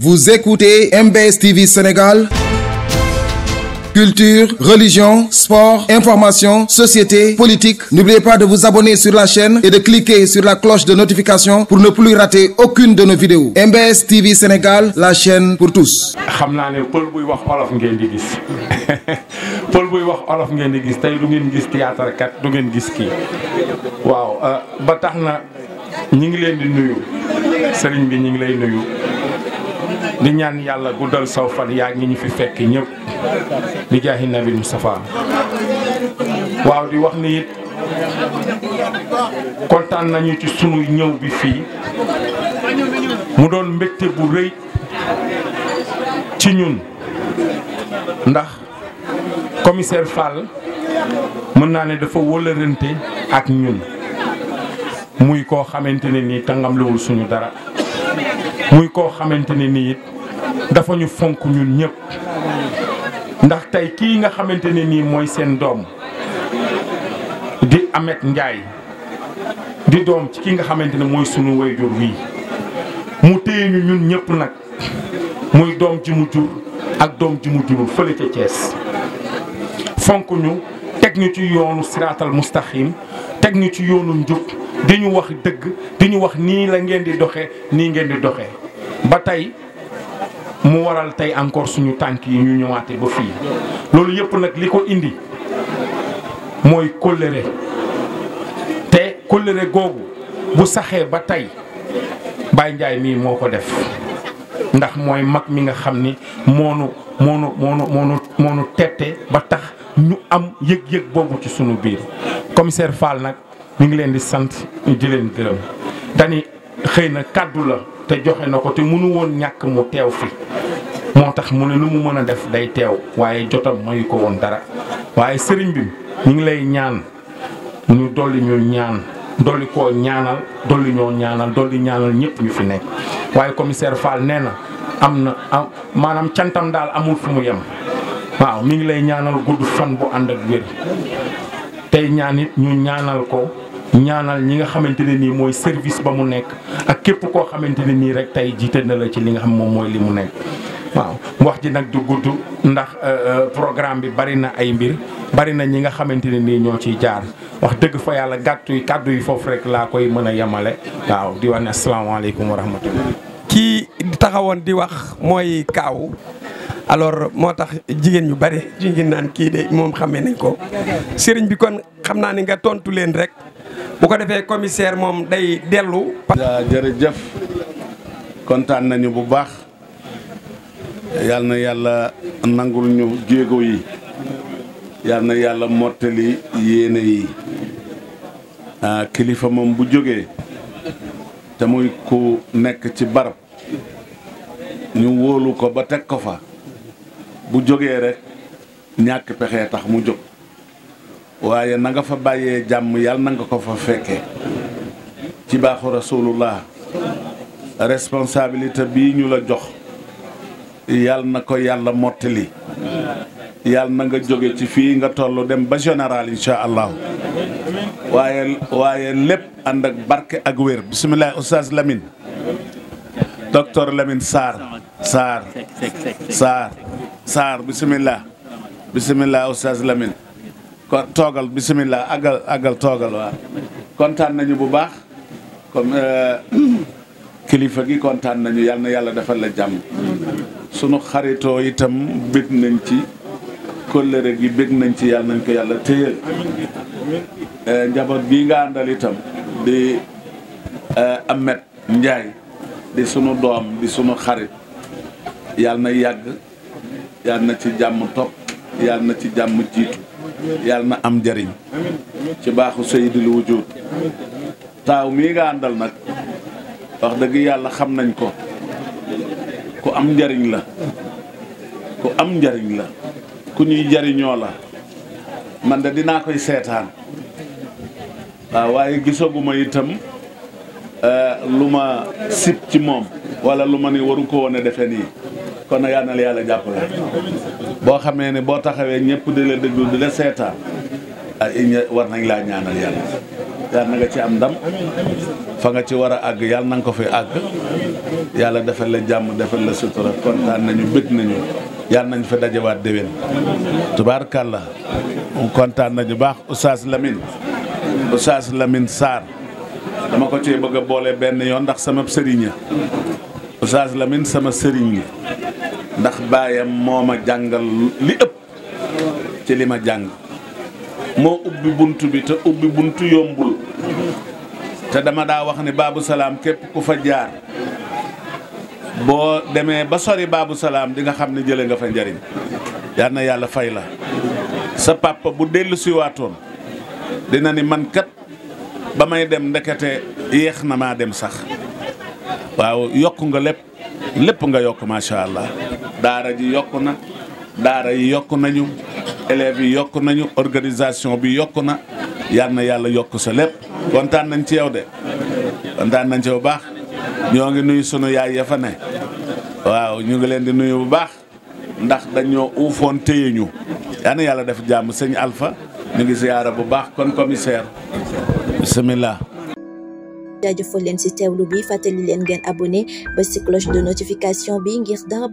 Vous écoutez MBS TV Sénégal Culture, religion, sport, information, société, politique. N'oubliez pas de vous abonner sur la chaîne et de cliquer sur la cloche de notification pour ne plus rater aucune de nos vidéos. MBS TV Sénégal, la chaîne pour tous. di ñaan yàlla guddal saw fan yaa ngi ñu fi fekk ñëpp di jaahi safaan Mustafa waaw di wax ni it kontaan nañu ci sunu ñëw bi fii mu doon mbégte bu rëy ci ñun ndax commissaire Fall mën naa ne dafa wëlërante ak ñun muy koo xamante ne nii tàngamlewul suñu dara muy koo xamante ne nii it dafa ñu fonk ñun ñëpp ndax tey kii nga xamante ne nii mooy seen doom di amet njaay di doom ci ki nga xamante ne mooy sunu wayjur wii mu téye ñu ñun ñëpp nag muy doom ji mu jur ak doom ji mu jurul fële ca Thiès fonk ñu teg ñu ci yoonu siraatal mustaxim teg ñu ci yoonu njub di ñu wax dëgg di ñu wax nii la ngeen di doxe nii ngeen di doxe ba tey mu waral tey encore suñu tànk yi ñu ñëwaate ba fii loolu yëpp nag li ko indi mooy kóllëre te kóllëre googu bu saxee ba tey baay njaay mii moo ko def ndax mooy mag mi nga xam ni moonu moonu moonu moonu moonu tette ba tax ñu am yëg-yëg boobu ci sunu biir commissaire Fall nag mi ngi leen di sant di leen gërëm dani xëy na kàddu la te joxe na ko te mënu woon ñàkk mu teew fi moo tax mu ne lu mu mën a def day teew waaye jotam mayu ko woon dara waaye sëriñ bi ñu ngi lay ñaan mu ñu dolli ñu ñaan dolli koo ñaanal dolli ñoo ñaanal dolli ñaanal ñëpp ñu fi nekk waaye commissaire Fall nee na am na am maanaam cantam daal amul fu mu yem waaw mi ngi lay ñaanal gudd fan bu ànd ak wér tey ñaan it ñu ñaanal ko ñaanal ñi nga xamante ne nii mooy service ba mu nekk ak képp koo xamante ne nii rek tey jiite na la ci li nga xam moom mooy li mu nekk waaw mu wax ji nag du gudd ndax euh, euh, programme bi bari na ay mbir bari na ñi nga xamante ne nii ñoo ciy jaar wax dëgg fa yàlla gàttu yi kàddu yi foofu rek laa koy mën a yemale waaw di wax ne asalaamaaleykum wa rahmatullah kii taxawoon di wax mooy kaaw alors moo tax jigéen ñu bari jigéen naan kii de moom xamee nañ ko sëriñ bi kon xam naa ni nga tontu leen rek bu ko defee commissaire moom day dellu. jërëjëf kontaan nañu bu baax yal na yàlla nangul ñu jéego yi yal na yàlla mottali yéene yi ah, kilifa moom bu jógee te muy ku nekk ci barab ñu wóolu ko ba teg ko fa bu jógee rek ñàkk pexe tax mu jóg. waaye na nga fa bàyyee jàmm yàlla na nga ko fa fekke ci baaxu rasulullah responsabilité bii ñu la jox yàlla na ko yàlla mottali yàlla na nga jóge ci fii nga tollu dem ba général incha allahu waaye waaye lépp ànd ak barke ak wér bisimilah oustaz Lamine docteur Lamine Sarr Sarr Sarr Sarr bisimilah bisimilah oustaz Lamine toogal bisimilah àggal àggal toogal kontaan nañu bu baax euh, comme kilifa gi kontaan nañu yàlla na yàlla defal la jàmm sunu xaritoo itam bég nañ ci kóllëre gi bég nañ ci yàlla nañ ko yàlla téyel euh, njaboot gi nga àndal itam di euh, Amet Njaay di sunu doom di sunu xarit yàlla na yàgg yàlla na ci jàmm topp yàlla na ci jàmm jiitu yàlla na am njariñ ci baaxu sayyidul wujud taaw mii nga àndal nag wax dëgg yàlla xam nañ ko ku am njariñ la ku am njariñ la ku ñuy jariñoo la man de dinaa koy seetaan waaw waaye gisaguma itam eh, lu ma sib ci moom walla lu ma ni waru ko wone a defe nii kon nag yal na la yàlla jàppale boo xamee ne boo taxawee ñëpp di la déglu di la seetaan ah war nañ laa ñaanal yàlla yàlla na nga ci am ndam fa nga ci war a àgg yàlla na nga ko fi àgg yàlla defal la jàmm defal la sutura kontaan nañu bëgg nañu yàlla nañ fa dajewaat déwén tubaarkàlla kontaan nañu baax Oustaz lamin Oustaz lamin Sarr dama ko cee bëgg a boole benn yoon ndax sama sëriñ Oustaz lamin sama sëriñ baayam moo ma jàngal li ëpp ci li ma jàng moo ubbi bunt bi te ubbi bunt yombul te dama daa wax ni baabu salaam képp ku fa jaar boo demee ba sori baabu salaam di nga xam ne jële nga fa njariñ yal na yàlla fay la sa papa bu dellu siwaatoon dina ni man kat ba may dem ndekete yéex na maa dem sax waaw yokk nga lépp lépp nga yokk macha allah daara ji yokk na daara yi yokk nañu élèves yi yokk nañu organisation bi yokk na yal na yàlla yokk sa lépp kontaan nañ ci yow de kontaan nañ ci bu baax ñoo ngi nuyu sunu yaay ya fa ne waaw ñu ngi leen di nuyu bu baax ndax dañoo uufoon téye ñu yal yàlla def jàmm sëñ alfa ñu ngi ziyaara bu baax kon commissaire bismillah jaajëfal len si teewlu bi len abonné ba cloche de notification bi ngir dara